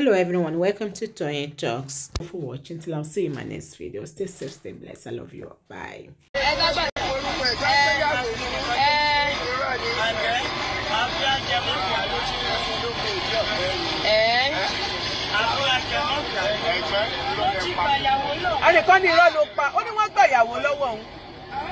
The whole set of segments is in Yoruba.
hello everyone welcome to Toyeen Talks Thank you for watching till i'll see you in my next video stay safe stay blessed i love you all. bye ẹnìkan ní irọ́ ó ní wọ́n gbà ìyàwó lọ́wọ́ òun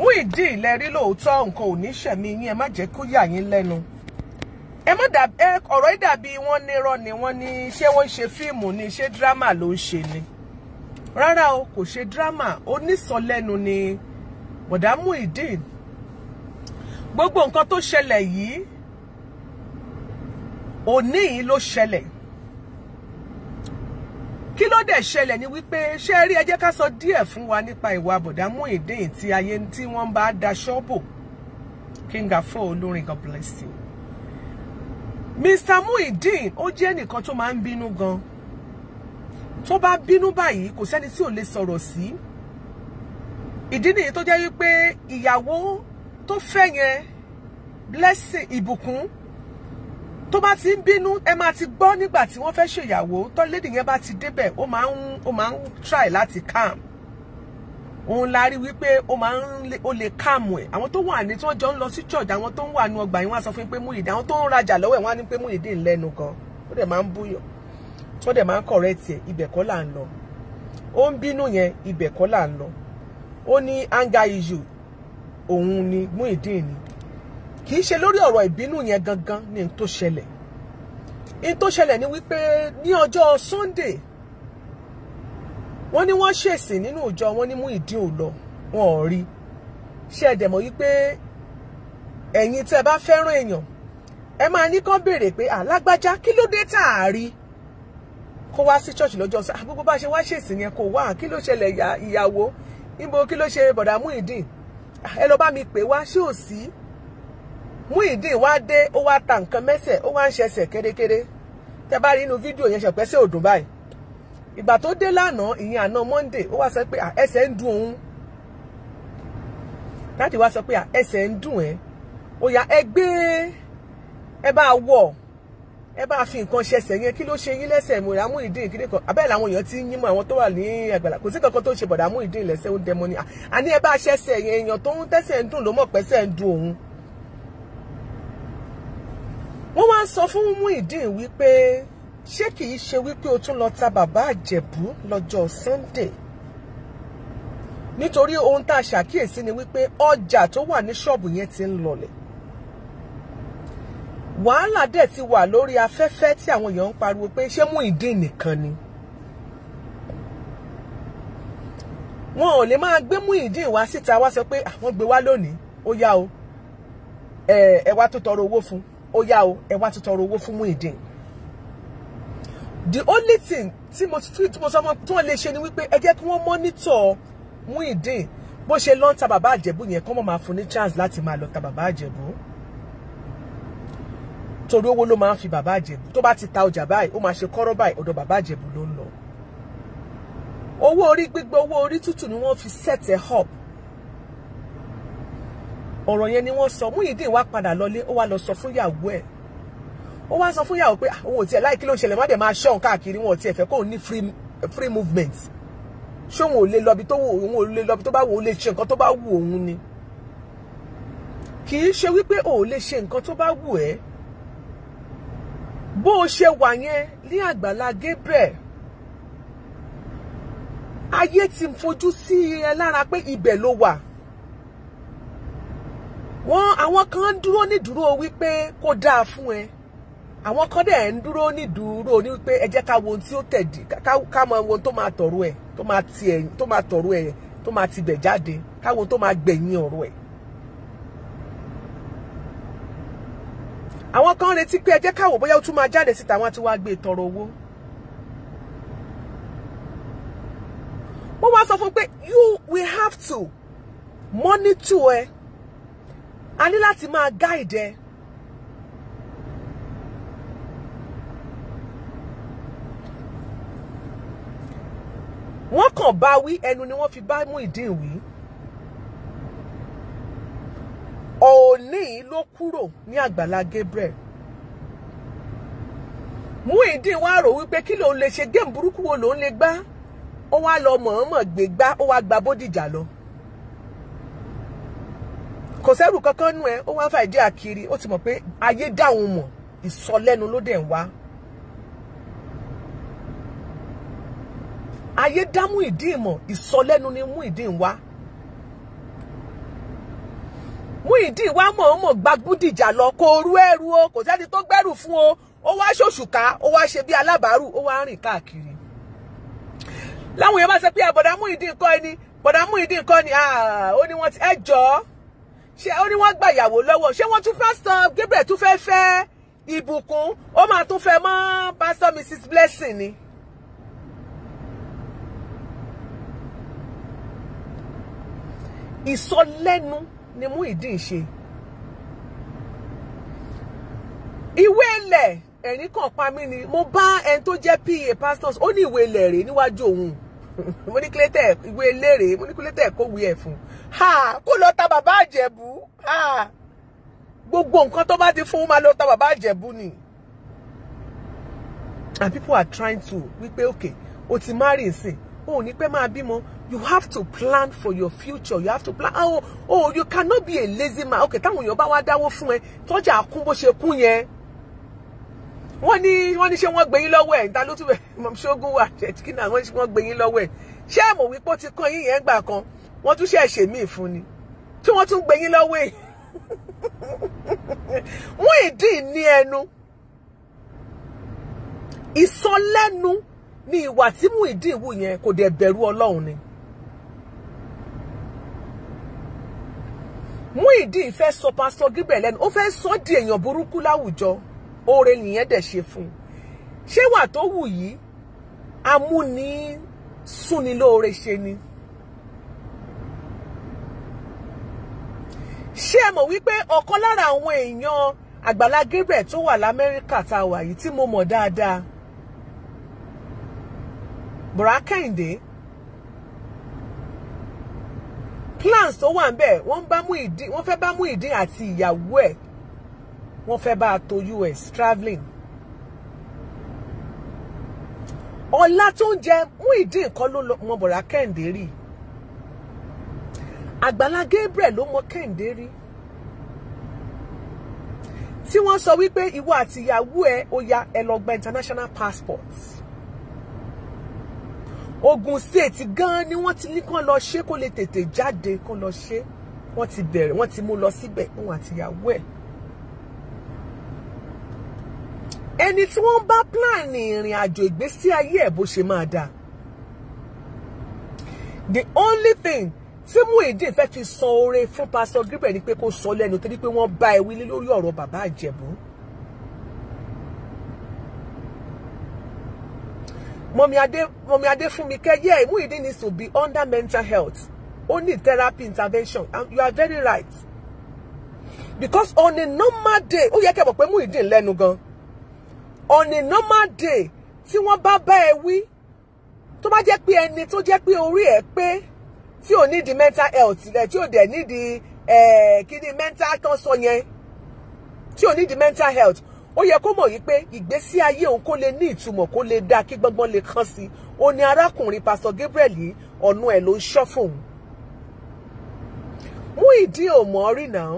Muyideen ilẹ̀ rí lóòótọ́ nǹkan ò ní ṣẹ̀mí yín ẹ má jẹ́ kó yà yín lẹ́nu ẹ má dàbí ẹ ọ̀rọ̀ yìí dàbí wọ́n nírọ́ ni wọ́n ní ṣé wọ́n ń ṣe fíìmù ni ṣé dírámà ló ń ṣe ni rárá o kò ṣe dírámà onísọlẹ́nu ni bọ̀dá Muyideen gbogbo nǹkan tó ṣẹlẹ̀ yìí òní yìí ló ṣẹlẹ̀ kí ló dẹ̀ ṣẹlẹ̀ ni wípé ṣé rí ẹ jẹ́ ká sọ díẹ̀ fún wa nípa ìwà àbọ̀dá Muyideen tí ayé tí wọ́n bá da ṣọ́bò King Afro olórin God bless you. Mr Muyideen ó jẹ́ ẹnìkan tó máa ń bínú gan tó bá bínú báyìí kò sẹ́ni tí ò lè sọ̀rọ̀ sí ìdí nìyí tó jẹ́ wípé ìyàwó tó fẹ́ yẹn blessing ìbùkún tó bá ti ń bínú ẹ máa ti gbọ́ nígbà tí wọ́n fẹ́ ṣèyàwó tó lédì yẹn bá ti débẹ̀ ó máa ń ó máa ń try láti calm òun la rí wípé ó máa ń ó lè calm ẹ̀ àwọn tó wà ní tí wọ́n jọ ń lọ sí church àwọn tó ń wà ní ọgbà yìí wọ́n á sọ fún pé Muyideen àwọn tó ń rajà lọ́wọ́ ẹ̀ wọ́n á ní pé Muyideen lẹ́nu gan ó dẹ̀ máa ń búyọ̀ tó dẹ̀ máa ń correct ẹ̀ ibẹ̀ kọ́ là ń lọ ó ń bínú yẹn ibẹ̀ kọ́ là ń lọ ó ní anger issue òun ni Muyideen ni kì í ṣe lórí ọ̀rọ̀ ìbínú yẹn gangan ni tó ṣẹlẹ̀ in tó ṣẹlẹ̀ ni wípé ní ọjọ́ Sunday wọ́n ní wọ́n ṣèsì nínú ìjọ wọ́n ní mú ìdí ò lọ wọn ò rí ṣe ẹ̀dẹ̀ mọ̀ wípé ẹ̀yin tẹ́ bá fẹ́ràn èèyàn ẹ máa ní kán béèrè pé alágbájá kí ló dé tá a rí kó wá sí church lọ́jọ́ sá gbogbo bá ṣe wá ṣèsì yẹn kò wá kí ló ṣẹlẹ̀ ìyàwó níbo kí ló ṣe bọ̀dà mú ìdí ẹ lọ bá mi pè wá ṣé ò sí. Muyideen wá dé ó wá ta nǹkan mẹ́sẹ̀ ó wá ń ṣẹsẹ̀ kérékéré tẹ bá rí inú fídíò yẹn ṣẹpẹsẹ òdùn báyìí ìgbà tó dé lánàá ìyẹn àná monde. ó wá sọ pé ẹsẹ̀ ń dùn òun láti wá sọ pé ẹsẹ̀ ń dùn ẹ́ ó yá ẹ gbé ẹ bá wọ̀ ẹ bá fi nǹkan ṣẹsẹ̀ yẹn kí ló ṣe yín lẹ́sẹ̀ Muyideen Muyideen ni kan abẹ́ẹ̀ làwọn èèyàn ti ń yín mọ́ àwọn tó wà ní àgbàlá kò sí kankan tó ṣe bọ̀dá Muyideen lẹ́sẹ̀ ó dẹmọ ni àní ẹ bá ṣẹsẹ̀ yẹn èèyàn tó ń tẹ́sẹ̀ ń dùn ló mọ̀ pẹ́sẹ̀ ń dùn òun wọ́n wá ń sọ fún Muyideen wípé ṣé kìí ṣe wípé o tún lọ ta bàbá àjẹ̀bú lọ́jọ́ Sunday nítorí ohun tá a ṣàkíyèsí ni wípé ọjà tó wà ní ṣọ́ọ̀bù yẹn ti ń lọlẹ̀ wàhálà dẹ̀ ti wà lórí afẹ́fẹ́ tí àwọn èèyàn ń pariwo pé ṣé Muyideen nìkan ni wọn ò lè máa gbé Muyideen wá síta wá sọ pé àwọn ah, gbé wá lónìí ó yá o ẹ wá tó tọrọ owó fún ó yá o ẹ wá ti owó fún Muyideen the only thing tí mo tí mo sọ fún tí wọ́n lè ṣe ni wípé ẹ jẹ́ kí wọ́n mọ́nítọ̀ Muyideen bó ṣe lọ́n ta bàbá àjẹ̀bú yẹn kọ́ mọ̀ máa fún ní chance láti máa lọ ta bàbá àjẹ̀bú torí owó ló máa ń fi bàbá àjẹ̀bú tó bá ti ta ọjà báyìí ó máa ṣe kọ́rọ́ báyìí ọ̀dọ̀ bàbá àjẹ̀bú ló ń lọ owó orí gbígbẹ owó orí tútù ni wọ́n fi set ẹ̀ up ọ̀rọ̀ yẹn ni wọ́n sọ Muyideen wá padà lọlé ó wá lọ sọ fún ìyàwó ẹ̀ ó wá sọ fún ìyàwó pé àwọn ò tiẹ̀ láì kí ló ń ṣẹlẹ̀ má dẹ̀ máa ṣọ́ọ̀n káàkiri wọn ò tiẹ̀ fẹ́ kóun ní free movement ṣé òun ò lè lọ bí tó wù òun ò lè lọ bí tó bá wù ó lè ṣe nǹkan tó bá wù òun ni kì í ṣe wípé o ò lè ṣe nǹkan tó bá wù ẹ́ bó o ṣe wà yẹn ní àgbàlá Gabriel ayé ti fojú sí ẹ lára pé ibẹ̀ ló wà wọ́n àwọn kan ń dúró nídúró wípé kó dáa fún ẹ àwọn kan dẹ̀ ń dúró nídúró ní wípé ẹ jẹ́ ká wo ohun tí ó tẹ̀dí ká mọ ohun tó máa tọ̀rọ̀ ẹ̀ tó máa ti ẹ̀ tó máa tọ̀rọ̀ ẹ̀ tó máa ti bẹ̀ jáde káwọn tó máa gbẹ̀yìn ọ̀rọ̀ ẹ̀. àwọn kan retí pé ẹ jẹ́ káwọ̀ bóyá ó tún máa jáde síta wọn àti wá gbé tọrọ owó. wọ́n wá sọ fún pé you we have to monitor ẹ. Eh a ní láti máa guide ẹ. wọ́n kàn bá wí ẹnu ni wọ́n fi bá Muyideen wí. òní ló kúrò ní àgbàlá Gabriel. Muyideen wá rò wípé kí lòun lè ṣe géèmù burúkú wo lòun lè gbá ó wá lọ mọ̀ọ́mọ̀ gbé gbá ó wá gba Bódìjà lọ kò sẹ́rù kankan nù ẹ ó wá ń fà ìdí àkiri ó ti mọ̀ pé ayé dá òun mọ̀ ìsọlẹ́nu ló dẹ̀ ń wá. ayé dá Muyideen mọ̀ ìsọlẹ́nu ni Muyideen wá. Muyideen wá mọ̀ ọ́n mọ̀ gbàgúdìjà lọ kó orú ẹrù o kò sẹ́ni tó gbẹ́rù fún o ó wá ṣòṣùká ó wá ṣe bí alábàárù ó wá rìn káàkiri. láwọn èèyàn bá sọ pé àbọ̀dá Muyideen kọ́ ẹni bọ̀dá Muyideen kọ́ ni ó ní wọ́n ti ẹ jọ̀ọ́ ṣé ó ní wọ́n gba ìyàwó lọ́wọ́ ṣé wọ́n tún pásítọ̀ Gabriel tún fẹ́ fẹ́ ìbùkún ó máa tún fẹ́ mọ́ pásítọ̀ Mrs Blessing ni. ìsọlẹ́nu ni Muyideen ṣe ìwé ilẹ̀ ẹ̀rín kan pa mí ni mo bá ẹni tó jẹ́ pa pastors ó ní ìwé ilẹ̀ rèé níwájú òun mo ní kílé tẹ̀ ìwé eléré mo ní kílé tẹ̀ kówé ẹ̀ fún kó lọ ta bàbá àjẹ̀bú gbogbo nǹkan tó bá ti fún máa lọ ta bàbá àjẹ̀bú ni and people are trying to wípé okay o ti marry nsìn o ò ní pẹ́ máa bímọ you have to plan for your future you have to plan oh, oh you cannot be a lazy man okay táwọn èèyàn bá wá dáwó fún ẹ tọ́jà kún bó ṣe kún yẹn wọ́n ní wọ́n ní ṣé wọ́n gbé yín lọ́wọ́ ẹ̀ ta ló túbẹ̀ ṣógun wà kí náà wọ́n ní ṣé wọ́n gbé yín lọ́wọ́ ẹ̀ ṣé àmọ̀ wípé ó ti kàn yín yẹn gbà kan wọ́n tún ṣẹ̀ ṣe míì fún ni tí wọ́n tún gbé yín lọ́wọ́ ẹ̀ wọ́n ìdí ní ẹnu ìsọlẹ́nu ni ìwà tí mú ìdí ìwù yẹn kò dẹ̀ bẹ̀rù ọlọ́run ni. mú ìdí ìfẹ́ sọ pásítọ̀ gíbẹ̀ lẹ́nu ó fẹ́ sọ di èèyàn burúkú láwùjọ oore nìyẹn dẹ̀ fun, fún un ṣé wà tó wù yìí amúni súnni lóore ṣe ni ṣé mo mọ̀ wípé ọ̀kan lára àwọn èèyàn Àgbàlá Gabriel tó wà l'Amẹ́ríkà tá a wà yìí tí mo mọ̀ dáadáa Bùrákẹ́yìndé plans tó wà ń bẹ̀ wọ́n fẹ́ bá Muyideen àti ìyàwó ẹ̀ wọ́n fẹ́ bá a to US traveling. ọ̀la tó ń jẹ Muyideen kan ló mọ bọ̀dá Kẹ́hìndé rí Àgbàlá Gabriel ló mọ Kẹ́hìndé rí tí wọ́n sọ wípé ìwọ àti ìyàwó ẹ ó ya ẹ lọ gba international passport Ogun State gan ni wọ́n ti ní kán lọ ṣe kó lè tètè jáde kán lọ ṣe wọ́n ti bẹ̀rẹ̀ wọ́n ti mú lọ síbẹ̀ òun àti ìyàwó ẹ̀. ẹni tí wọ́n bá plan ìrìn àjò ìgbésí ayé ẹ̀ bó ṣe máa dáa the only thing tí Muyideen fẹ́ fi san oore fún pásítọ̀ gíbẹ̀ ni pé kó sọ lẹ́nu torí pé wọ́n bá ewì lé lórí ọ̀rọ̀ bàbá àjẹ̀bú. mọ̀mí adé mọ̀mí adé fún mi kẹ́ yẹ́ Muyideen needs to be under mental health only therapy intervention and you are very right because on a normal day ó yẹ kẹ́ mọ̀ pé Muyideen lẹ́nu gan-an on a normal day tí wọ́n bá bá ẹ wí tó bá jẹ́ pé ẹni tó jẹ́ pe, orí ẹ̀ pé tí ò nídìí mental health rẹ̀ eh, tí ò dẹ̀ nídìí eh, kíni mental tán sọ yẹn tí ò mental health ó yẹ kó mọ̀ yìí pé ìgbésí ayé òun kó lè ní ìtumọ̀ kó lè dáa kí gbọ́ngbọ́n lè kàn sí o ó ní pastor Gabriel yìí ọ̀nà ẹ̀ ló ń ṣọ́ fóun mú ìdí òmọ́ rí náà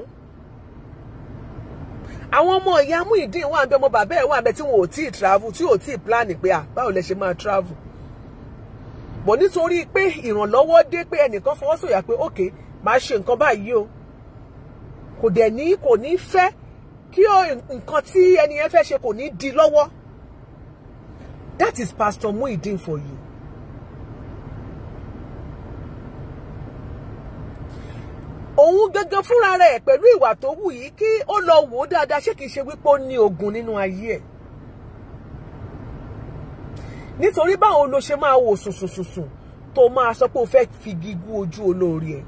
àwọn ọmọ ìyá Muyideen wà bẹ ọmọ bàbá ẹ wà bẹ tí wọn ò tí ì travel tí ò tí ì plan pé à báwo lẹ ṣe máa travel bọ̀ nítorí pé ìrànlọ́wọ́ dé pé ẹnìkan fọwọ́ sọ̀yà pé ok máa ṣe nǹkan báyìí o kò dẹ̀ ní kò ní fẹ́ kí nǹkan tí ẹni yẹn fẹ́ ṣe kò ní di lọ́wọ́ that is Pastor Muyideen for you òun gangan fúnra rẹ̀ pẹ̀lú ìwà tó wù yìí kí ó lọ wò ó dáadáa ṣé kìí ṣe wípé ó ní ogun nínú ayé ẹ̀ nítorí báwo ló ṣe máa wò sùnsùnsùnsùn tó máa sọ pé o fẹ́ fi gígú ojú olóore ẹ̀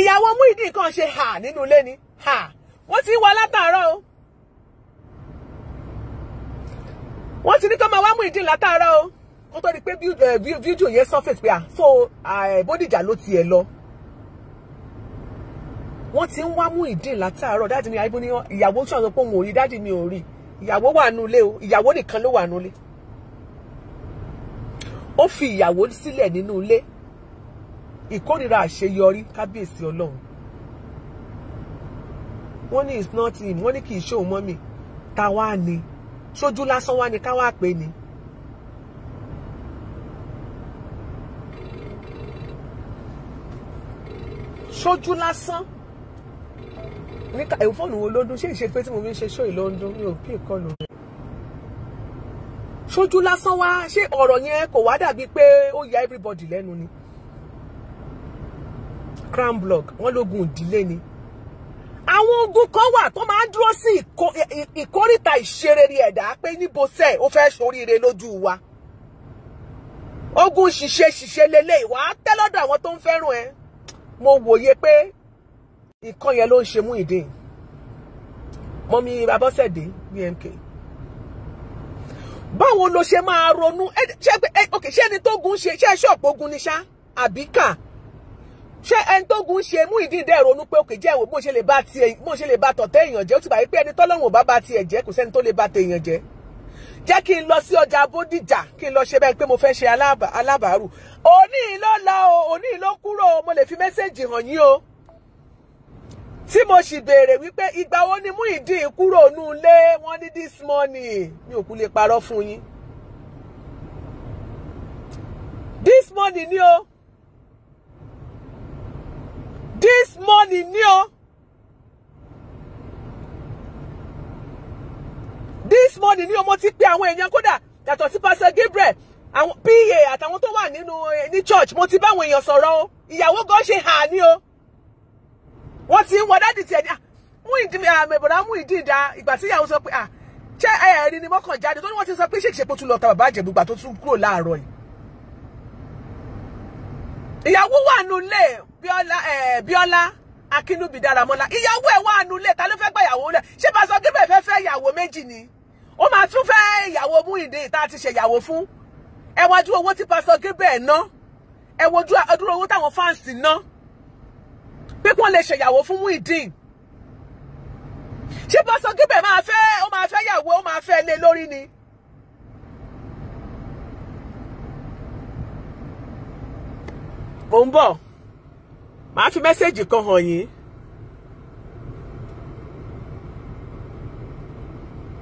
ìyàwó Muyideen kan ṣe hà nínú ilé ni hà wọ́n ti ń wá látàárọ̀ o wọ́n ti ní kó máa wá Muyideen látàárọ̀ o kó tó di pé fídíò eh, yẹn surface pé à ah, so ah, Bódìjà ló tiẹ̀ lọ wọ́n ti ń wá mú ìdí látàárọ̀ dáàdì mi àìbó ní ìyàwó sọ̀rọ̀ pé òun ò rí dáàdì mi ò rí ìyàwó wà nulẹ̀ o ìyàwó nìkan ló wà nulẹ̀ ó fi ìyàwó sílẹ̀ nínú ilé ìkórìíra àṣeyọrí kábíyèsí ọlọ́run wọ́n ní it's not him wọ́n ní kì í ṣe òun mọ́ mi ta wá ni ṣojú lásán wá ni ká wá pè ní ṣojú lásán níka ẹ̀wọ̀n fóònù wo ló dún ṣé ìṣe pé tí mo fi ń ṣe ṣó ìlú ọdún mi ò pè kọlù rẹ̀ ṣojú lásán wá ṣé ọ̀rọ̀ yẹn kò wá dàbí pé ó ya everybody lẹ́nu ni crown block wọ́n lógun ìdílé ni àwọn ogun kan wà tó máa ń dúró sí ìkórìtà ìṣerere ẹ̀dá pé níbo sẹ́ ó fẹ́ ṣoríire lójú wa ogun ṣìṣe ṣìṣe lélẹ̀ ìwà tẹ́lọ́dọ̀ àwọn tó ń fẹ́ràn ẹ mo wòye pé ìkan yẹn ló ń ṣe Muyideen mọ́mí Abọ́sẹ̀dé BMK báwo ló ṣe máa ronú ṣé ẹni tó gun ṣe ṣé ṣọ́ọ̀pù ogun ni ṣá àbí kà ṣé ẹni tó gun ṣe Muyideen dẹ̀ ronú pé òkè jẹ́ bó ṣe lè ba tọ̀tẹ̀ èèyàn jẹ́ ó ti bàyí pé ẹni tọ́lọ́run ò bá tiẹ̀ jẹ́ kò sẹ́ni tó lè ba tẹ̀ èèyàn jẹ́ jẹ́ kí n lọ sí ọjà Bódìjà kí n lọ ṣe bẹ́ẹ̀ pé mo fẹ́ ṣe alábàárù òní ló la o òní ló kúrò mo lè fi mẹ́sẹ̀jì hàn yín o tí mo sì béèrè wípé ìgbà wo ni Muyideen kúrò nù lé wọn ní this morning mi ò kú lè parọ́ fún yín this morning ni o this morning ni o. this morning ní ọmọ ti pé àwọn èèyàn kódà yàtọ̀ sí pásítọ̀ Gabriel àwọn pa àtàwọn tó wà nínú eh, ní church mo ti bá àwọn èèyàn sọ̀rọ̀ o ìyàwó gan ṣe hà ní o wọ́n ti ń wọ dádì tiẹ̀ ní mú ìdí àmẹ̀bọ̀dá mú ìdí ìdá ìgbà tí ìyàwó sọ pé à ah, ṣé eh, ẹ̀rí ni mọ́kàn jáde tó ní wọ́n ti sọ pé ṣèṣe pé ó tún lọ ta bàbá àjẹ̀bùgbà tó tún kúrò láàárọ̀ yìí. ìyàwó wà nulẹ̀ Bíọ́lá eh, Bíọ́lá Akínúbí Dáramọ́lá ìyàwó ẹ̀ wà nulẹ̀ ta ló fẹ́ gbà ìyàwó lẹ̀ ṣé pásọ gíbẹ̀ fẹ́ fẹ́ ìyàwó méjì ni ó máa tún fẹ́ ìyàwó Muyideen tá a ti ṣèyàwó fún ẹ wojú owó tí pásítọ̀ Gabriel ná ẹ wojú ọdúró owó táwọn fáǹsì ná pé kí wọ́n lè ṣèyàwó fún Muyideen ṣé pásítọ̀ Gabriel máa fẹ́ ó máa fẹ́ yàwó ó máa fẹ́ lé lórí ni. mo ń bọ̀ màá fi mẹ́sẹ̀gì kan hàn yín.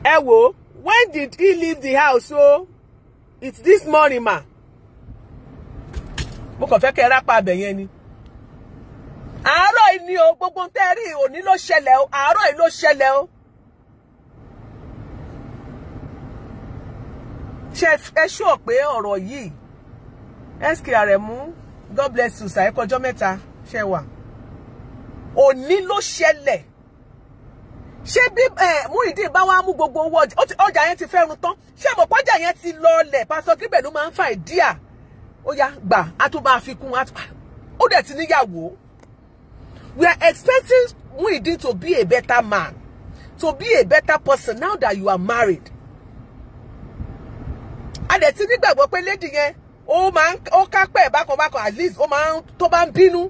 ẹ wò ó When did he leave the house? So oh? it's this morning, ma. Mo kàn fẹ́ kẹ́ ẹ rápá abẹ yẹn ni. Àárọ̀ yìí ni o, gbogbo ń tẹ́rí òní lo ṣẹlẹ̀ o, àárọ̀ yìí ló ṣẹlẹ̀ o. Ṣé ẹ ṣúọ̀ pé ọ̀rọ̀ yìí? SK Aremu, God bless you, sir, ẹ kọjọ́ mẹ́ta, ṣẹ wà. Òní ló ṣẹlẹ̀ ṣé bí eh, Muyideen bá wá mú gbogbo owó ọjà yẹn ti fẹ́ tán ṣé mọ̀ pọ́jà yẹn ti lọlẹ̀ pásọ kíbẹ̀ ló máa ń fa ìdí à ó yá gbà á tún máa fi kún ó dẹ̀ ti níyàwó we are expecting Muhyiddin to be a better man to be a better person now that you are married a dẹ̀ ti nígbàgbọ́ pé lady yẹn ó máa ń ó kápẹ́ bákanbákan at least ó máa ń tó bá ń bínú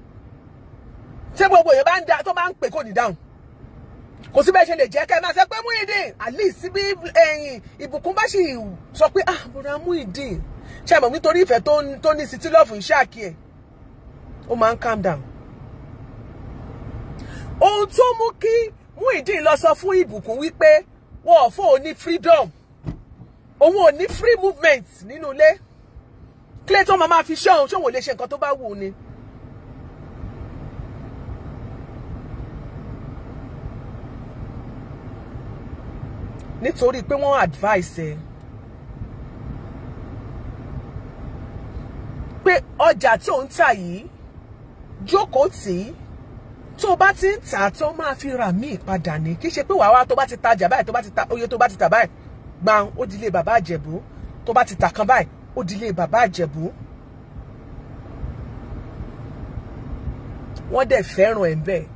ṣé gbogbo yẹn bá ń da tó bá ń pè kò ní dáhùn kò sí bẹ́ẹ̀ ṣe lè jẹ́ kẹ́ máa sọ pé Muyideen at least bí ẹ̀yìn ìbùkún bá sì sọ pé ah bùrà Muyideen ṣe àmọ̀ nítorí ìfẹ́ tó ní city love ń ṣáàkì ẹ̀ ó máa ń calm down. ohun tó mú kí Muyideen lọ sọ fún ìbùkún wípé wọn ò fún òun ní freedom òun ò ní free movement nínú ilé kílẹ̀ tó máa máa fi ṣọ́ òun ṣòwò lè ṣe nǹkan tó bá wù ú ni. nítorí pé wọ́n advice ẹ pé ọjà tó ń tà yìí jókòó tì í tó bá ti ń tà tó máa fi rà míì padà ní kì í ṣe pé wàá wá tó bá ti tajà báyìí tó bá ti ta oye tó bá ti tà báyìí gbàùn ó di ilé bàbá àjẹ̀bú tó bá ti tà kan báyìí ó di ilé bàbá àjẹ̀bú. wọ́n dẹ̀ fẹ́ràn ẹ̀ bẹ́ẹ̀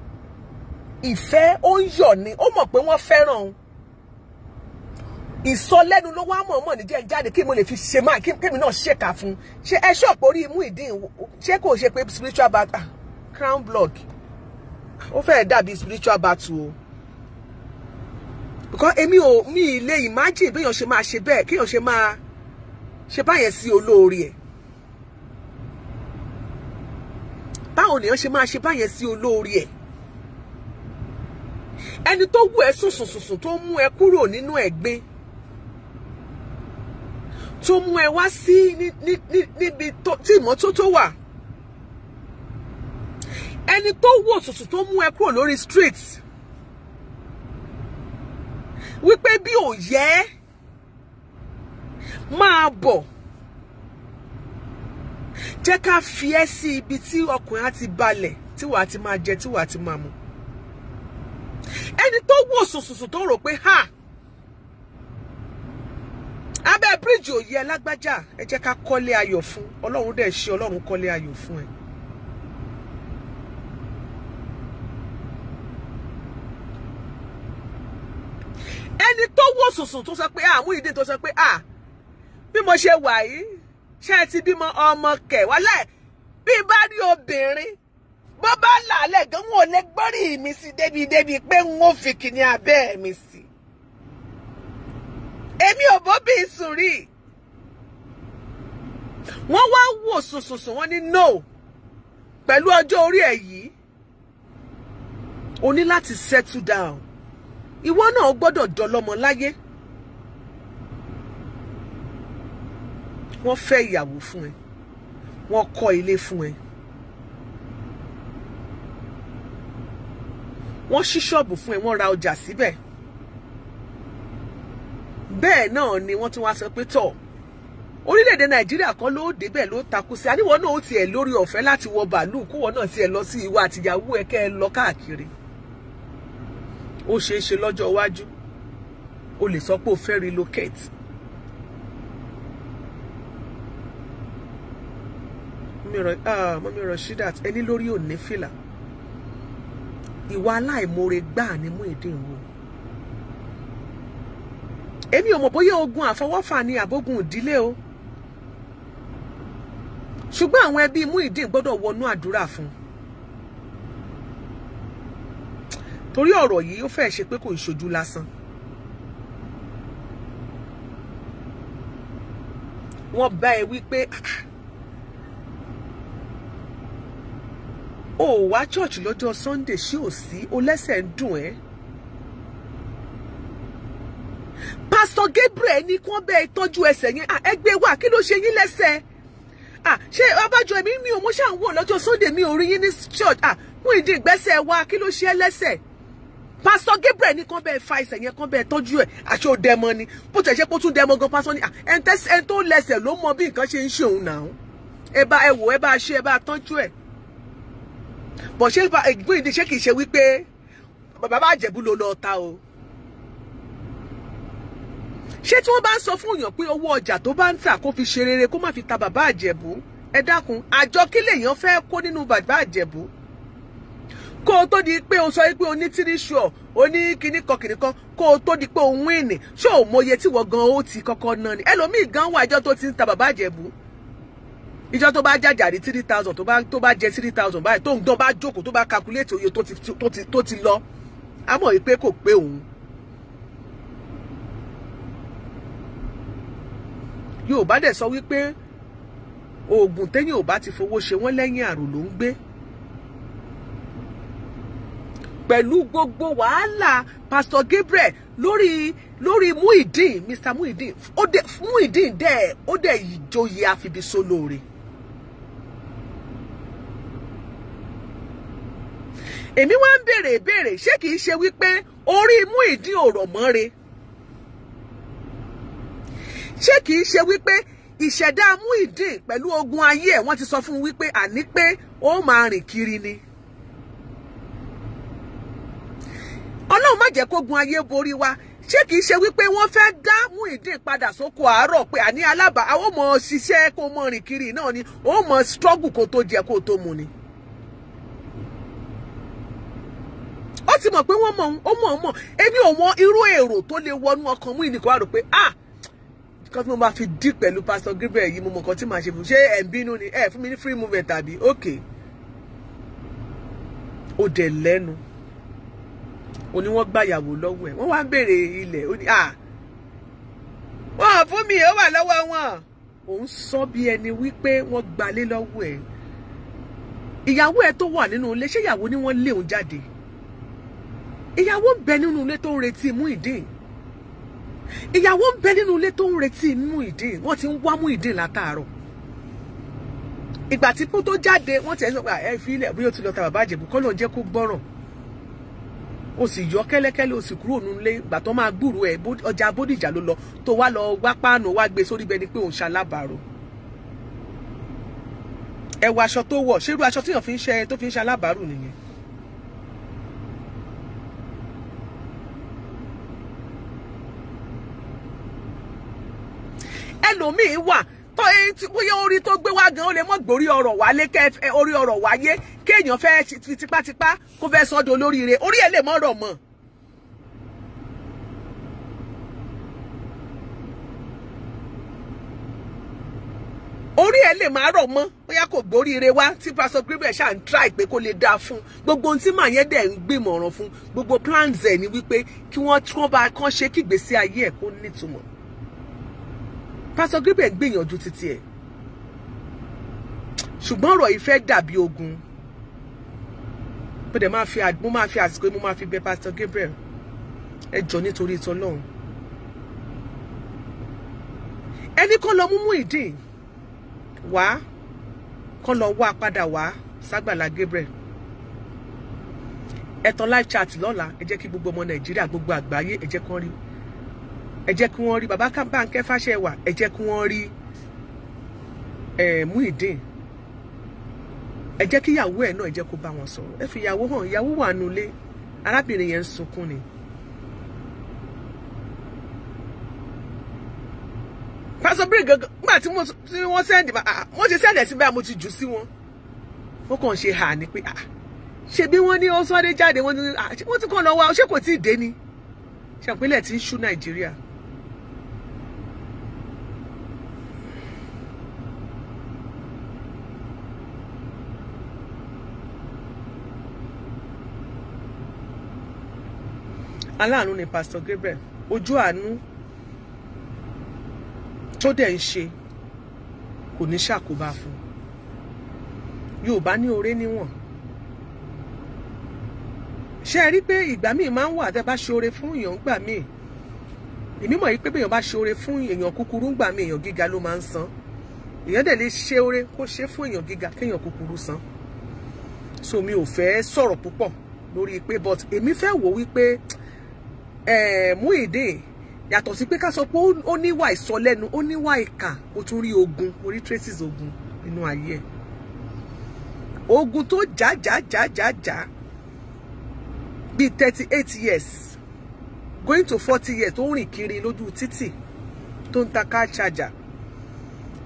ìfẹ́ ó ń yọ̀ ni ó mọ̀ pé wọ́n fẹ́ràn òun ìsọlẹ́nu ló wá mọ̀ọ́mọ̀ ní díẹ̀ jáde kí mo lè fi ṣe máa kémi náà ṣèkà fún ṣé ẹ ṣọ́ọ̀pù orí imú ìdín ṣé kò ṣe pé spiritual battle ah, crown block ó fẹ́ẹ̀ dàbí spiritual battle o because èmi ò mi ì lè imagine béèyàn ṣe máa ṣe bẹ́ẹ̀ kéèyàn ṣe máa ṣe báyẹn sí olóore ẹ̀ báwo lèèyàn ṣe máa ṣe báyẹn sí olóore ẹ̀ ẹni tó wù ẹ́ sùn sùn sùn tó mú ẹ kúrò nínú ẹ̀gbin. E tó mú ẹ wá sí níbi tí ìmọ́tótó wà ẹni tó wò tùtù tó mú ẹ kúrò lórí street wípé bí ò yẹ máa bọ̀ jẹ́ ká fi ẹ́ sí ibi tí ọkùnrin á ti balẹ̀ tí wàá ti máa jẹ tí wàá ti máa mu ẹni tó wò sùsùsù tó rò pé ha abẹ́ bíríìjì òye alágbájá ẹ jẹ́ ká kọ́lé ayọ̀ fún ọlọ́run dẹ̀ ṣe ọlọ́run kọ́lé ayọ̀ fún ẹ. ẹni tó wò sùnsùn tó sọ pé à Muyideen tó sọ pé à bí mo ṣe wà yìí ṣé ẹ ti bímọ ọmọ kẹ wálẹ̀ bí bá rí obìnrin bó bá làálẹ̀ gan wọn ò lè gbọ́rìn mi sí débi débi pé n ó fi kìnìún abẹ́ mi sí èmi ò bó bí sùn rí wọ́n wá wò sùnsùnsùn wọ́n ní no pẹ̀lú ọjọ́ orí ẹ̀ yìí o ní láti settle down ìwọ náà gbọ́dọ̀ dọlọ́mọ láyé wọ́n fẹ́ ìyàwó fún ẹ wọ́n kọ́ ilé fún ẹ wọ́n ṣí ṣọ́ọ̀bù fún ẹ wọ́n ra ọjà síbẹ̀. Si bẹ́ẹ̀ náà ni wọ́n tún wá sọ pé tọ̀ orílẹ̀-èdè nàìjíríà kan ló dé bẹ́ẹ̀ ló takú sí àníwọ̀n náà ó tiẹ̀ lórí ọ̀fẹ́ láti wọ bàálù kúwọ̀n náà tiẹ̀ lọ sí ìwà àtìyàwó ẹ kẹ́ ẹ lọ káàkiri ó ṣeé ṣe lọ́jọ́ iwájú o lè sọ pé o fẹ́ relocate mọ́mí Rashidat ẹni lórí òní fìlà ìwà aláìmoore gbáà ni mú èdè ìwò èmi ò mọ̀ bóyá ogun àfọwọ́fà ni àbógun ìdílé o ṣùgbọ́n àwọn ẹbí Muyideen gbọ́dọ̀ wọnú àdúrà fún un torí ọ̀rọ̀ yìí ó fẹ́ ṣe pé kò ìṣojú lásán wọ́n bá ẹ wípé ó ah, ah. wá church lọ́jọ́ Sunday ṣé ò sí o lẹ́sẹ̀ ń dùn ẹ́. Eh? Pastor Gabriel ní kí wọ́n bẹ́ẹ̀ tọ́jú ẹsẹ̀ yẹn ẹgbẹ́ wa kí ló ṣe yín lẹ́sẹ̀ ṣé abájọ èmi mi ò mo ṣáà ń wò lọ́jọ́ Sunday mi ò rí yín ní church Muyideen ìgbésẹ̀ wa kí ló ṣe é Pastor Gabriel ní kí wọ́n bẹ́ẹ̀ fa ẹsẹ̀ yẹn kí wọ́n bẹ́ẹ̀ tọ́jú ẹ̀ àṣé ò dẹmọ ni bó tẹ̀ ṣe kó tún dẹmọ gan pásítọ̀ ni ẹni tó lẹ́sẹ̀ ló mọ bí nǹkan ṣe ń ṣe òun náà ẹ bá ẹ wò ẹ bá ṣe ẹ bá tọ́jú ẹ̀ bọ̀ ṣé Muyideen ṣé kì ṣe wípé bàbá bá ló lọ ta o ṣé tí wọ́n bá ń sọ fún èèyàn pé owó ọjà tó bá ń tà kó fi ṣe rere kó má fi ta bàbá àjẹ̀bú ẹ dákun àjọ kí lèèyàn fẹ́ kó nínú bàbá àjẹ̀bú kó o tó di pé o sọ pé o ní tíríṣọ o ní kíní kan kíní kan kó o tó di pé o ń wíìnì ṣé o mọye tí wọ́n gan o ti kọ́kọ́ ná ni ẹlòmíì gan wà ìjọ tó ti ń ta bàbá àjẹ̀bú ìjọ tó bá jàjà rí three thousand tó bá tó bá jẹ three thousand báyìí tó ń dán bá jókòó tó bá calculate oye tó ti lọ àmọ́ ìpé kò pé òun Yorùbá dẹ̀ sọ wípé oògùn téyàn ò bá ti fowó ṣe wọ́n lẹ́yìn àrò ló ń gbé pẹ̀lú gbogbo wàhálà Pastor Gabriel lórí lórí Muyideen Mr Muyideen ó dẹ̀ Muyideen dẹ̀ ó dẹ̀ ìjòyè àfibisó lóore. èmi wá ń béèrè ìbéèrè ṣé kìí ṣe wípé orí Muyideen ò rọ̀ mọ́ ṣé kìí ṣe wípé ìṣẹ̀dá Muyideen pẹ̀lú ogun ayé ẹ̀ wọ́n ti sọ fún un wípé àní pé ó máa rìn kiri ni. ọlọ́run má jẹ́ kógun ayé borí wa ṣé kìí ṣe wípé wọ́n fẹ́ dá Muyideen padà sóko àárọ̀ pé àní alábà àwọn ọmọ ṣiṣẹ́ kó mọ rìn kiri náà ni ó mọ struggle kó tó jẹ kó tó mu ni. ó ti mọ̀ pé wọ́n mọ̀ ó mọ̀ ó mọ̀ èmi ò mọ irú èrò tó lè wọnú ọkàn mú ìnìkan wá rò pé ah kọ́ tí mo máa fi dí pẹ̀lú Pastor Gabriel yìí mo mọ̀ nǹkan tí màá ṣe fún ṣé ẹ̀ ń bínú ni ẹ̀ fún mi ní free movement tàbí okay ó dẹ̀ lẹ́nu ó ní wọ́n gbàyàwó lọ́wọ́ ẹ̀ wọ́n wá ń béèrè ilẹ̀ ó ní à ah, wọ́n fún mi ó wà lọ́wọ́ wọn òun sọ bí ẹni wípé wọ́n gbalé lọ́wọ́ ẹ̀ ìyàwó ẹ̀ tó wà nínú ilé ṣé ìyàwó ni wọ́n lé òun jáde ìyàwó ń bẹ nínú ilé tó ń retí Muyideen ìyàwó ń bẹ nínú ilé tó ń retí Muyideen wọ́n ti ń wá Muyideen látàárọ̀ ìgbà tí kú tó jáde wọ́n ti ẹ̀ sọ pé ẹ fi ilẹ̀ bóyá ó ti lọ ta bàbá àjẹbù kọ́ ló jẹ́ kó gbọ́ràn o sì yọ kẹ́lẹ́kẹ́lẹ́ o sì kúrò nílé ìgbà tó máa gbúrú ẹ̀ ọjà Bódìjà ló lọ tó wá lọ wá páànù wá gbé sórí bẹni pé òun ṣalábàárò ẹ wọ aṣọ tó wọ̀ ṣerú aṣọ tíyàn fi ń ṣe tó fi ń ṣalábàárò nìyẹn ẹlòmíín wà tó bóyá orí tó gbé wá gan ó lè mọ́ gbórí ọ̀rọ̀ wálé kẹ́ orí ọ̀rọ̀ wáyé kéèyàn fẹ́ fi tipátipá kó fẹ́ sọ́dọ̀ olóríire orí ẹ̀ lè mọ́ rọ̀ mọ́. orí ẹ lè máa rọ̀ mọ́ bóyá kò gbóríire wá tí pásọ gbígbẹ ṣáà ń tra ìpè kó lè dáa fún gbogbo ohun tí màá yẹn dẹ̀ ń gbìmọ̀ràn fún gbogbo plans ẹ̀ ni wípé kí wọ́n bá kán ṣe kígbésí ayé ẹ̀ kó nítumọ̀. Pastor Gabriel gbìyànjú títí ẹ̀ ṣùgbọ́n ọ̀rọ̀ yìí fẹ́ dàbí ogun mo dẹ̀ máa fi mo máa fi àsìkò mo máa fi bẹ̀ pásọ Gabriel ẹ jọ nítorí ìtọ́lọ́hún ẹni kan lọ mú Muyideen wá kan lọ wá padà wá ságbàlá Gabriel ẹ tan live chat lọ́la ẹ jẹ́ kí gbogbo ọmọ Nàìjíríà gbogbo àgbáyé ẹ jẹ́ kán rí i ẹ jẹ́ kí wọ́n rí bàbá Bánkẹ́ Fáṣẹ̀wà ẹ jẹ́ kí wọ́n rí Muyideen ẹ jẹ́ kí ìyàwó ẹ̀ náà ẹ jẹ́ kó bá wọn sọ̀rọ̀ ẹ fi ìyàwó hàn ìyàwó wà nulẹ̀ arábìnrin yẹn ń sunkún ni. pásọ bíi gangan nígbà tí wọ́n sẹ́ndì ah, wọ́n ṣe sẹ́ndì ẹ̀sìn báyìí mo ti jù sí wọn wọ́n kàn ṣe hà ní pé ah, ṣe bí wọ́n ní ó jáde wọ́n ah, ti kàn lọ́wọ́ ṣé kò tí ì dé ni ṣàpínlẹ̀ tí ń ṣú Nàìjíríà. aláàánú ni pastor Gabriel ojú àánú tó dẹ̀ ń ṣe kò ní ṣàkóbá fún Yorùbá ní oore níwọ̀n ṣé ẹ rí pé ìgbà míì máa ń wà tẹ́ bá ṣe oore fún èèyàn gbà míì èmi mọ̀ yìí pé béèyàn bá ṣe oore fún èèyàn kúkúrú gbà míì èèyàn gíga ló máa ń san èèyàn dẹ̀ lè ṣe oore kó ṣe fún èèyàn gíga kéèyàn kúkúrú san so mi ò fẹ́ sọ̀rọ̀ púpọ̀ lórí pé but èmi fẹ́ wò wípé. Eh, Muyideen yàtọ̀ sí pé ká sọ pé ó níwà ìsọlẹ́nu ó níwà ìkà ó tún rí ogun ó traces ogun nínú ayé ẹ̀ ogun tó já já já já já bíi thirty eight years going to forty years tó ń rìn kiri lójú títì tó ń ta car charger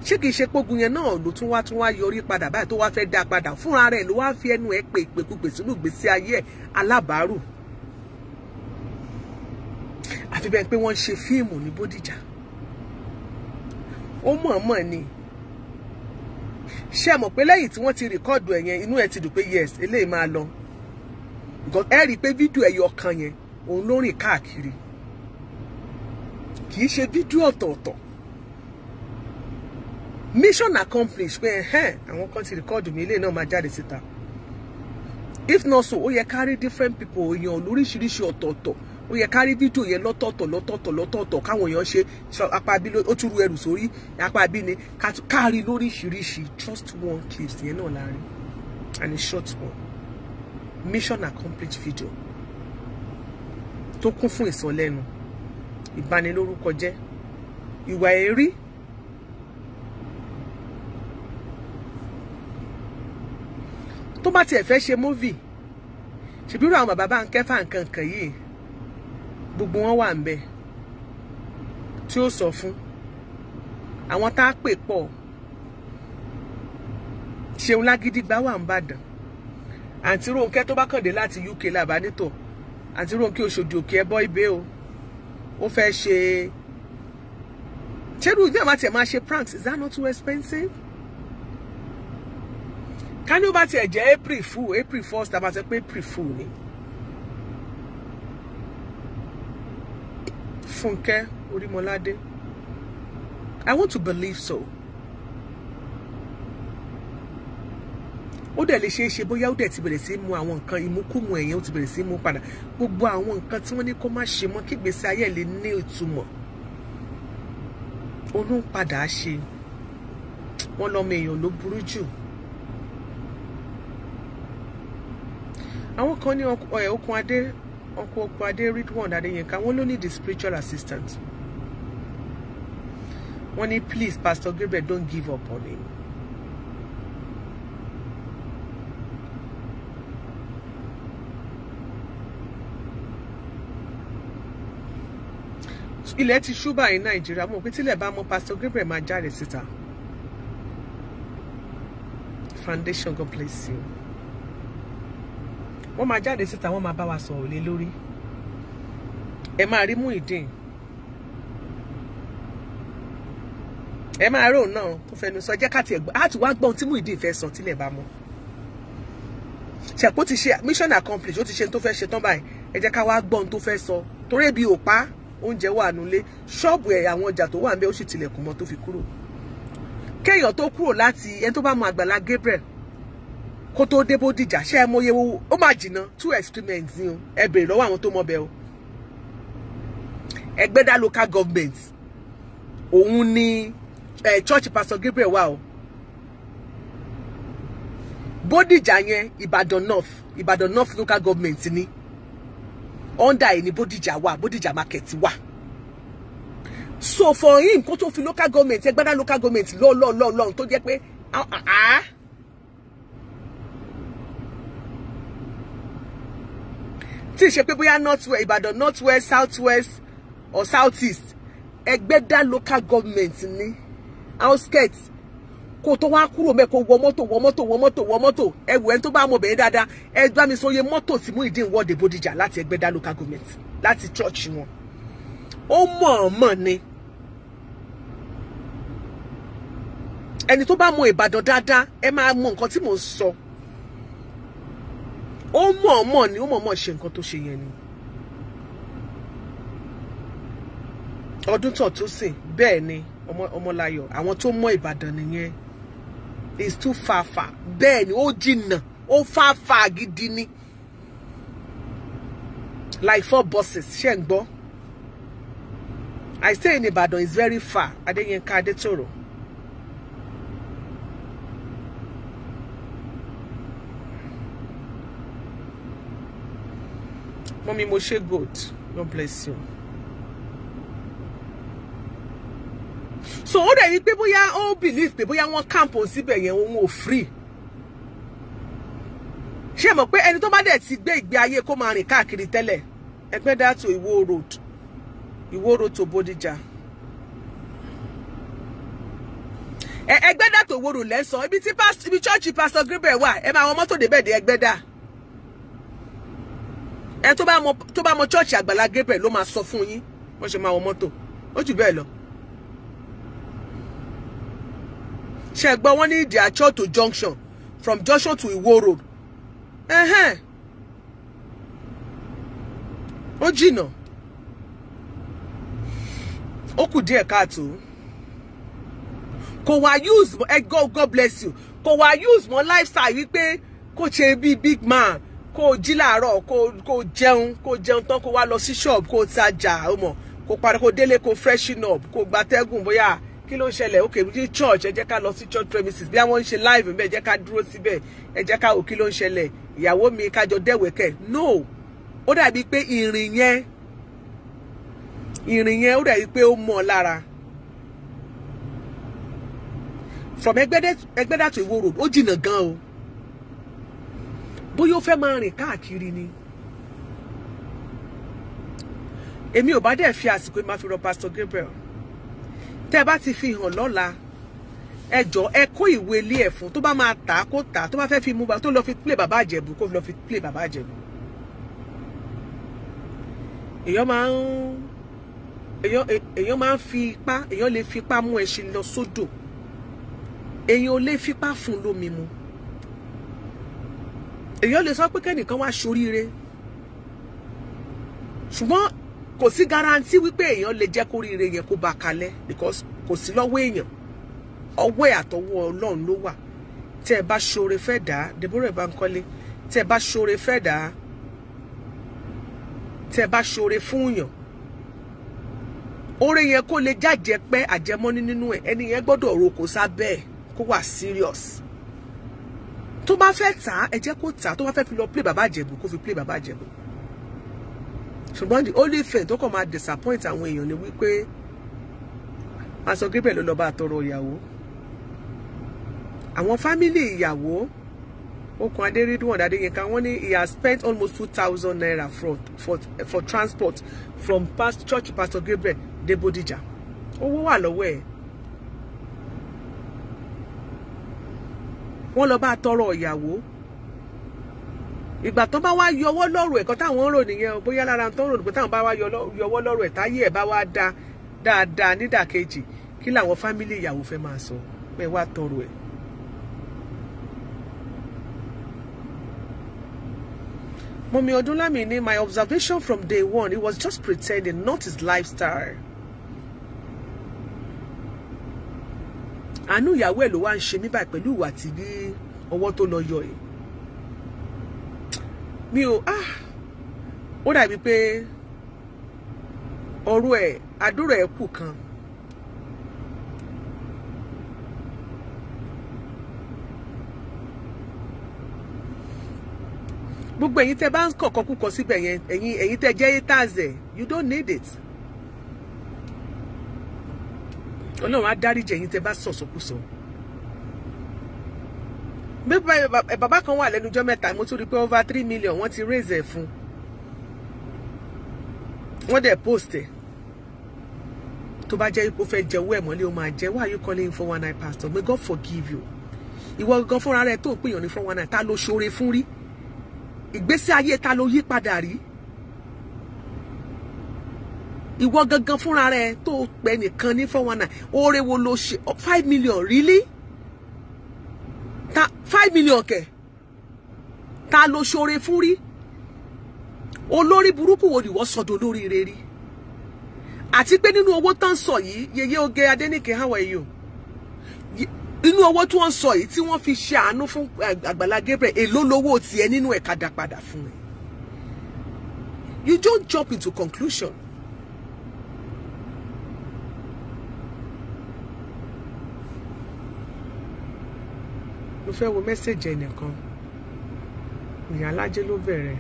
ṣé kìí ṣe pógun yẹn náà ló tún wá tún wá yọrí padà báyìí tó wá fẹ́ dá padà fúnra rẹ̀ ló wá fi ẹnu ẹ̀ pè ìpèkúpè sínú ayé ẹ̀ alábàárù àfi bẹ́ẹ̀ pé wọ́n ń ṣe fíìmù ní Bódìjà ó mọ̀ọ́mọ̀ ni ṣé mọ̀ pé lẹ́yìn tí wọ́n ti rìkọ́ọ̀dù ẹ̀ yẹn inú ẹ̀ ti dùn pé yes eléyìí máa lọ ẹ rí i pé fídíò ẹ̀yọ kan yẹn òun ló rìn káàkiri kì í ṣe fídíò ọ̀tọ̀ọ̀tọ̀ mission accomplished pé ẹ̀hẹ́n àwọn kan ti rìkọ́ọ̀dù mi eléyìí náà máa jáde síta if not so ó yẹ ká different people èèyàn lóríṣiríṣi ọ̀tọ̀ọ̀tọ̀ ó yẹ kárí fídíò yẹn lọ́tọ̀ọ̀tọ̀ lọ́tọ̀ọ̀tọ̀ lọ́tọ̀ọ̀tọ̀ káwọn èèyàn ṣe apá bí ó tún ru ẹrù sórí apá bí ni káàrí lóríṣiríṣi just one case yẹn náà láàrin and a short one mission accomplished video tó kún fún ìsọlẹ́nu ìbanilórúkọ jẹ́ ìwà èrí tó bá tiẹ̀ fẹ́ ṣe móvì ṣèbí irú àwọn bàbá bá ń kẹ́fà nǹkan kan yìí gbogbo wọn wà ń bẹ tí ó sọ fún àwọn tá a pè pọ̀ ṣeun lágídígbà wà ń bàdàn àǹtí Rónkẹ́ tó bá kàndé láti UK làbánítọ̀ àǹtí Rónkẹ́ Òṣòdì Òkè ẹbọ ibẹ o ó fẹ́ ṣe ṣẹlú ìdí àmà tiẹ̀ máa ṣe pranks is that not too expensive ká ní ó bá tiẹ̀ jẹ́ April fool April first àbàtẹ pé April fool ni. Funke Orimolade. I want to believe so. ó dẹ̀ lè ṣeé ṣe bóyá ó dẹ̀ ti bẹ̀rẹ̀ sí mu àwọn nǹkan ìmúkùmù ẹ̀yẹn ó ti bẹ̀rẹ̀ sí mu padà gbogbo àwọn nǹkan tí wọ́n ní kó má ṣe mọ́ kí ìgbésí ayé lè ní ìtumọ̀ onú ń padà ṣe wọ́n lọ́mọ èèyàn ló burú kan ní okùn adé Uncle, ọkọ ọkọ adé Ridwan Adéyínká wọn only need the spiritual assistant When he please Pastor Gabriel don't give up on him. ilẹ̀ ti ṣú báyìí nàìjíríà mọ̀ pé tílẹ̀ bá mọ Pastor Gabriel máa jáde síta foundation God bless you wọ́n máa jáde síta wọ́n máa bá wa sọ̀rọ̀ lé lórí ẹ máa rí Muyideen ẹ máa rò náà tó fẹnu sọ jẹ́ káti ẹ̀gbọ́n láti wá gbọ́n tí Muyideen fẹ́ sọ tílẹ̀ bá mọ́ ṣàpò ti ṣe mission accomplished ó ti ṣe tó fẹ́ ṣe tán báyìí ẹ jẹ́ ká wá gbọ́n tó fẹ́ sọ torí ebi ò pa oúnjẹ wà nulẹ̀ ṣọ́ọ̀bù ẹ̀ àwọn ọjà tó wà ń bẹ́ ó sì tilẹ̀kùn mọ́ tó fi kúrò kéèyàn tó kúrò láti ẹni tó bá mọ Àgbàlá Gabriel kó tó dé Bódìjà ṣé ẹ mọye wo ó máa jìnnà two experiments ni o ẹ bèrè lọ́wọ́ àwọn tó mọ bẹ́ẹ̀ o Ẹgbẹ́dá local government òun ni eh, church pastor Gabriel wà o Bódìjà yẹn Ìbàdàn north Ìbàdàn north local government ni under ẹ̀ ni Bódìjà wà Bódìjà market wà so for him kó tó fi local government Ẹgbẹ́dá local government lọ́ọ̀lọ́ọ̀lọ́ọ̀ tó jẹ́ pé ah ah. tí ì ṣe pé bóyá northwest Ìbàdàn northwest southwest or southeast Ẹgbẹ́dá local government ni, outskirts kó tó wá kúrò mẹ́ kó wọ moto, wọ mọ́tò wọ mọ́tò wọ mọ́tò ẹ wò ẹni tó bá mọ obìnrin dáadáa ẹ gbá mi sọ iye mọ́tò tí Muyideen wọ́ọ̀dẹ̀ Bódìjà láti Ẹgbẹ́dá local government láti church wọn ó mọ̀ọ́mọ̀ ni ẹni tó bá mọ Ìbàdàn dáadáa ẹ máa mo nǹkan tí mò So ó mọ̀ọ́mọ̀ ni ó mọ̀ọ́mọ̀ ṣe nǹkan tó ṣe yẹn ni ọdún tó tó sìn bẹ́ẹ̀ ni ọmọláyọ̀ àwọn tó mọ Ìbàdàn nìyẹn is too far far bẹ́ẹ̀ ni ó jìnnà ó far far gidi ni like four buses ṣe ń gbọ́ I stay in Ìbàdàn is very far Adéyínká Adétòrò Mommy Moshe God, God bless you. So all the people pé all believe people bóyá want camp òun síbẹ̀ yẹn òun free. She mọ̀ pé ẹni tó bá dẹ̀ ti gbé ìgbé ayé kó máa rìn káàkiri tẹ́lẹ̀ ẹgbẹ́ dátò Ìwó road Ìwó road to Bódìjà. Ẹgbẹ́ dátò Ìwó road lẹ́sàn-án ibi tí ibi chọ́ọ̀chì Pastor Greenberg wà ẹ máa wọn mọ́tò débẹ̀ dé Ẹgbẹ́dà ẹ tó bá mọ tó bá mọ church Àgbàlá Gabriel ló máa sọ fún yín wọ́n ṣe máa wọ mọ́tò ó jù bẹ́ẹ̀ lọ. ṣe gbọ́ wọ́n ní ìdí àchọ́ to junction from junction to Iwo road ó jìnnà ó kù díẹ̀ káàtó kò wá use ẹ God God bless you kò wá use mọ́ lifestyle wípé kò ṣe bí big man kó o jí làárọ̀ kó kó o jẹun kó o jẹun tán kó o wá lọ sí ṣọ́ọ̀bù kó tajà ó mọ̀ kó o kó délé kó freshen up kó o gba tẹ́gùn bóyá kí ló ń ṣẹlẹ̀ ok ní church ẹ jẹ́ ká lọ sí church premises bí àwọn ń ṣe live ńbẹ̀ ẹ jẹ́ ká dúró síbẹ̀ ẹ jẹ́ ká wò kí ló ń ṣẹlẹ̀ ìyàwó mi kájọ dẹ̀wẹ̀kẹ̀ no ó dàbí pé ìrìn yẹn ìrìn yẹn ó dàbí pé ó mọ̀ lára from Ẹgbẹ́dà to Ìwó road ó jìnnà gan o bóyá ó fẹ́ máa rìn káàkiri ni èmi ò bá dẹ̀ fi àsìkò máa fi rọ pastor Gabriel tẹ́ ẹ bá ti fi hàn lọ́la ẹ jọ ẹ kó ìwé ilé ẹ̀ fún tó bá máa tà á kó tà á tó bá fẹ́ fi mú ba tó lọ fi play bàbá àjẹ̀bù kó lọ fi play bàbá àjẹ̀bù èèyàn máa ń èèyàn máa ń fi ipá èèyàn lè fipá mú ẹṣin lọ sódò èèyàn ò lè fipá fún lómi mu èèyàn lè sọ pé kẹ́nìkan wá ṣoríire ṣùgbọ́n kò sí garanti wípé èèyàn lè jẹ́ kó ríire yẹn kó bá kalẹ̀ because kò sí lọ́wọ́ èèyàn ọwọ́ ẹ̀ àtọwọ́ ọlọ́run ló wà tẹ́ ẹ bá ṣoore fẹ́ dà á Deborah Bankole tẹ́ ẹ bá ṣoore fẹ́ dà á tẹ́ ẹ bá ṣoore fún yàn oore yẹn kó lè jàjẹ́ pẹ́ àjẹmọ́ní nínú ẹ̀ ẹni yẹn gbọ́dọ̀ roko sábẹ́ ẹ̀ kó wà serious tó bá fẹ́ tà á ẹ jẹ́ kó tà á tó bá fẹ́ fi lọ play Baba àjẹ̀bù kó fi play bàbá àjẹ̀bù ṣùgbọ́n the only thing tó kàn máa disappoint àwọn èèyàn ni wípé aṣọ Gabriel ló lọ bá tọrọ ìyàwó àwọn fámìlì ìyàwó okùn adérídùn adéyínká wọ́n ní he has spent almost two thousand naira for for for transport from past church pastor Gabriel dé Bódìjà owó wà lọ́wọ́ ẹ̀. wọ́n lọ bá tọrọ ìyàwó ìgbà tó bá wá yọwọ́ lọ́rọ̀ ẹ̀kọ́ táwọn ń rò nìyẹn o bóyá lára tó ń rò nípa táwọn bá wá yọwọ́ lọ́rọ̀ ẹ̀ táyé ẹ̀ bá wá da dáadáa nídàkejì kí làwọn fámìlì ìyàwó fẹ́ máa sọ pé wá tọrọ ẹ̀. Mummy Odunlami, my observation from day one, he was just pretending, not his lifestyle. àánú ìyàwó ẹ̀ ló wá ń ṣe mí báyìí pẹ̀lú ìwà tí bí ọwọ́ tó lọ yọ ẹ̀ mi ò ah ó dàbí pé ọ̀rọ̀ ẹ̀ àdúrà ẹ̀ kù kan. gbogbo ẹ̀yin tẹ́ bá ń kọ̀kọ́ kúkọ síbẹ̀ yẹn ẹ̀yin ẹ̀yin tẹ́ jẹ́ haters ẹ̀ you don't need it. ọlọ́run á dáríjì ẹ̀yin tẹ́ bá sọ̀sọ̀kùsọ. bí bàbá kan wà lẹ́nujọ́ mẹ́ta mo tún rí i pé over three million wọ́n ti raise ẹ̀ fún wọ́n dẹ̀ post ẹ̀ tó bá jẹ́ ipò fẹ́ jẹ́wọ́ ẹ̀ mọ́lé o máa jẹ́ why are you calling four one nine pastor may God forgive you ìwọ gan fúnra rẹ tó ń pèyàn ní four one nine ta ló ṣoore fún rí ìgbésí ayé ta ló yí padà rí ìwọ gangan fúnra rẹ tó pẹ nìkan ní four one nine oore wo ló ṣe five million really ta five million kẹ ta lo ṣoore fún rí olórí burúkú wo nìwọ sọdọ lórí rere àti pé nínú owó tán sọ yìí yeye oge adenike how are you inú owó tí wọ́n sọ yìí tí wọ́n fi ṣe àánú fún àgbàlá Gabriel èló lówó tiẹ̀ nínú ẹ̀ka dá padà fún ẹ you don't jump into conclusion ló fẹ́ wo mẹ́sẹ̀jì ẹnìkan ìyá alájẹ ló bẹ̀rẹ̀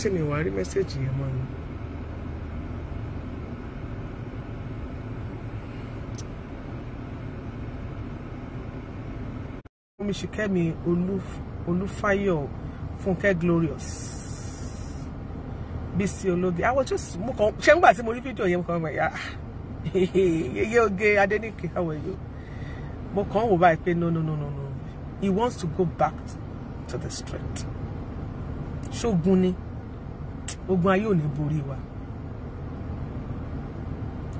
tí mi wá rí mẹ́sẹ̀jì yẹn mọ́ ni. Mọ́mísìkẹ́mi Olúfáyọ̀ Fúnkẹ́ Glorious Bísí Ológe àwọn tó mú kàn ṣé nígbà tí mo rí fídíò yẹn mo kàn mọ̀ yá. Ah, okay. I didn't care how you But come over, I say no no no no no he wants to go back to the street So ni ogun ayé ò ní borí wa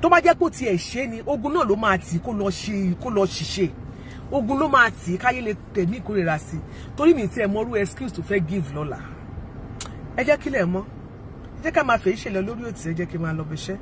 tó bá jẹ́ pé ó ni ogun náà ló máa tì kó lọ ṣe kó lọ ṣiṣẹ́ ogun ló máa tì káyé lè tẹ̀mí ìkórira sí torí excuse to forgive Lola. lọ́la ẹ jẹ́ kílẹ̀ mọ́ ẹ jẹ́ ká máa fèé ṣẹlẹ̀ lórí